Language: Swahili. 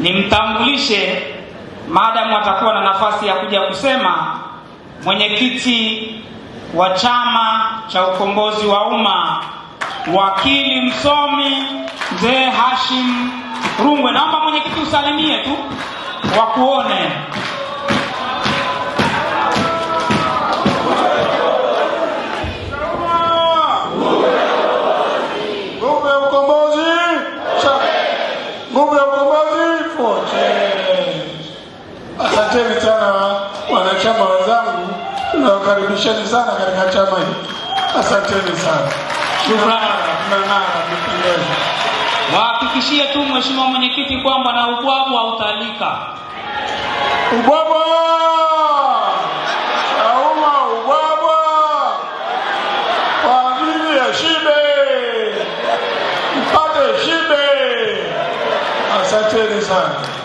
Nimtambulishe maadamu atakuwa na nafasi ya kuja kusema, mwenyekiti wa Chama cha Ukombozi wa Umma, wakili msomi mzee Hashim Rungwe. Naomba mwenyekiti usalimie tu wakuone. Asanteni sana wanachama wenzangu, nawakaribisheni sana katika chama hiki. Asanteni sana, mnapendeza. Wahakikishie tu mheshimiwa mwenyekiti kwamba na ubwabu hautalika. Ubwabu auma ubwabu kwa ajili ya shibe, mpate shibe. Asanteni sana.